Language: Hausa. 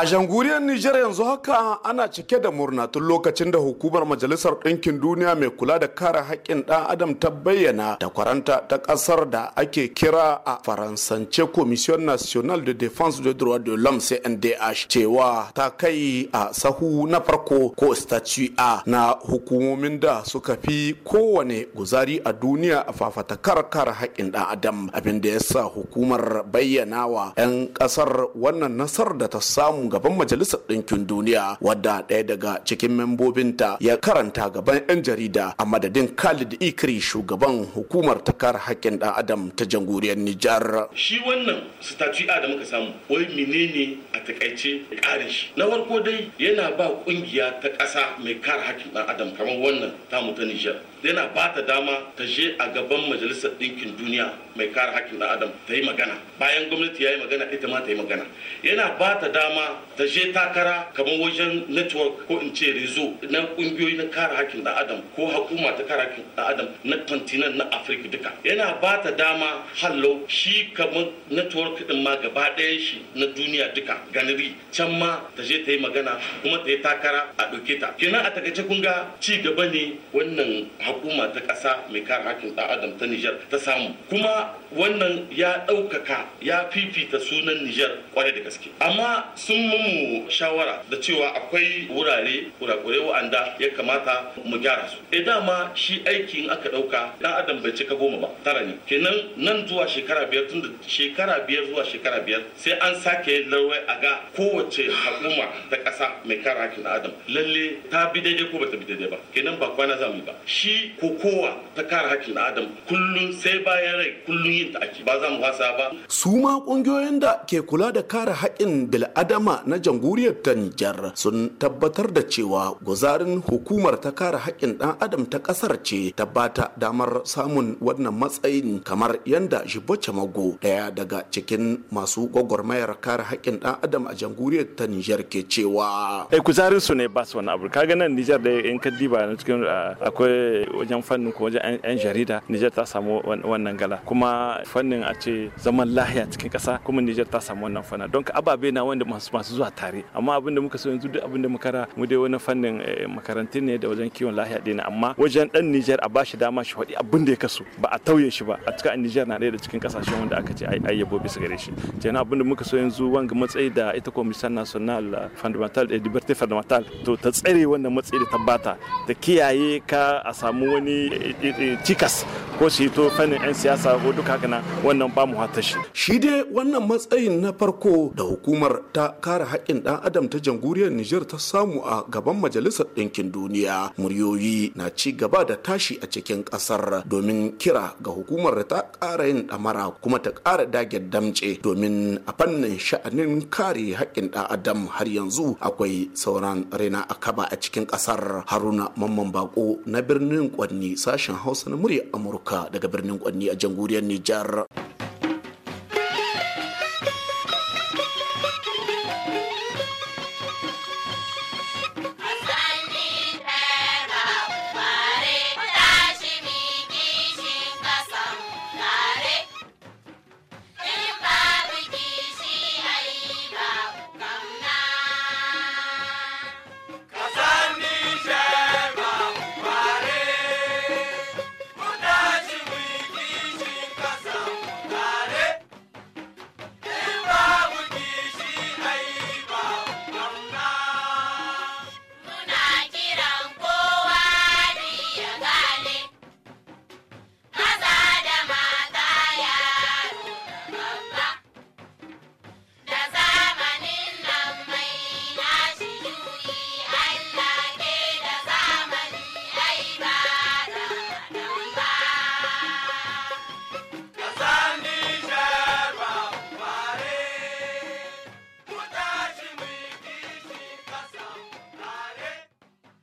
A jamhuriyar Nijar yanzu haka ana cike da murna tun lokacin da hukumar Majalisar Ɗinkin Duniya mai kula da kare haƙƙin ɗan Adam ta bayyana da kwaranta ta ƙasar da ake kira a Faransance Commission national de Défense des Droits de l'Homme CNDH cewa ta kai a sahu na farko ko statue na hukumomin da suka fi kowane guzari a duniya a fafatakar kare haƙƙin ɗan Adam abin da ya sa hukumar bayyanawa 'yan ƙasar wannan nasar da ta samu Shugaban majalisar ɗinkin duniya wadda ɗaya daga cikin membobinta ya karanta gaban 'yan jarida a madadin khalid ikri shugaban hukumar ta kare haƙƙin ɗan adam ta jamhuriyar nijar shi wannan a da muka samu wai menene a takaice ƙarin shi na farko dai yana ba ƙungiya ta ƙasa mai kare haƙƙin ɗan adam kamar wannan tamu ta nijar yana ba ta dama ta je a gaban majalisar ɗinkin duniya mai kare hakkin ɗan adam ta yi magana bayan gwamnati ya yi magana ita ma ta yi magana yana ba ta dama ta je takara kamar wajen network ko in ce rezo na ƙungiyoyi na kare hakkin ɗan adam ko hukuma ta kare hakkin ɗan adam na kontinent na afirka duka yana ba ta dama hallo shi kamar network ɗin ma gaba ɗaya shi na duniya duka ganiri can ma ta je ta yi magana kuma ta yi takara a ɗauke ta kenan a takaice kun ga ci gaba ne wannan hukuma ta ƙasa mai kare hakkin ɗan adam ta Nijar ta samu kuma wannan ya ɗaukaka ya fifita sunan Nijar kwarai da gaske amma sun mu shawara da cewa akwai wurare kurakurai wa'anda ya kamata mu gyara su e dama shi aikin aka ɗauka ɗan adam bai cika goma ba tara ne kenan nan zuwa shekara biyar tun da shekara biyar zuwa shekara biyar sai an sake yin a ga kowace hukuma ta ƙasa mai kare hakkin ɗan adam lalle ta bi daidai ko bata bi daidai ba kenan ba kwana za mu yi ba shi shi kokowa ta kare hakkin adam kullum sai bayan rai kullum yin ta ake ba za mu wasa ba su ma kungiyoyin da ke kula da kare haƙƙin bil'adama na jamhuriyar ta Nijar sun tabbatar da cewa guzarin hukumar ta kare haƙƙin dan adam ta ƙasar ce tabbata damar samun wannan matsayin kamar yanda Jibo Mago daya daga cikin masu gwagwarmayar kare haƙƙin dan adam a jamhuriyar ta Nijar ke cewa. kuzarin eh, su ne ba su wani abu kaga nan Nijar da in ka diba cikin ah, akwai wajen fannin ko wajen 'yan jarida Nijar ta samu wannan gala kuma fannin a ce zaman lahiya cikin kasa kuma Nijar ta samu wannan fana don ababe na wanda masu masu zuwa tare amma abin da muka so yanzu duk abin da muka mu dai wani fannin eh, makarantun ne da wajen kiwon lahiya ɗin amma wajen ɗan Nijar a bashi dama shi faɗi abin da ya kaso ba a tauye shi ba a cikin Nijar na ɗaya da cikin kasashe wanda aka ce ai yabo bisa gare shi kenan abin da muka so yanzu wanga matsayi da ita Commission National Fundamental Liberté Fundamental to ta tsare wannan matsayi da tabbata ta kiyaye ka a samu samu wani eh, eh, cikas ko shi to fannin 'yan siyasa ko duka haka wannan ba mu hata shi. dai wannan matsayin na farko da hukumar ta kare haƙƙin ɗan adam ta jamhuriyar Nijar ta samu a gaban majalisar ɗinkin duniya muryoyi na ci gaba da tashi a cikin ƙasar domin kira ga hukumar da ta ƙara yin ɗamara kuma ta ƙara dage damce domin a fannin sha'anin kare haƙƙin ɗan adam har yanzu akwai sauran rena akaba a cikin ƙasar haruna mamman bako na birnin Kwanni sashen Hausa na murya Amurka daga birnin Kwanni a jamhuriyar Nijar.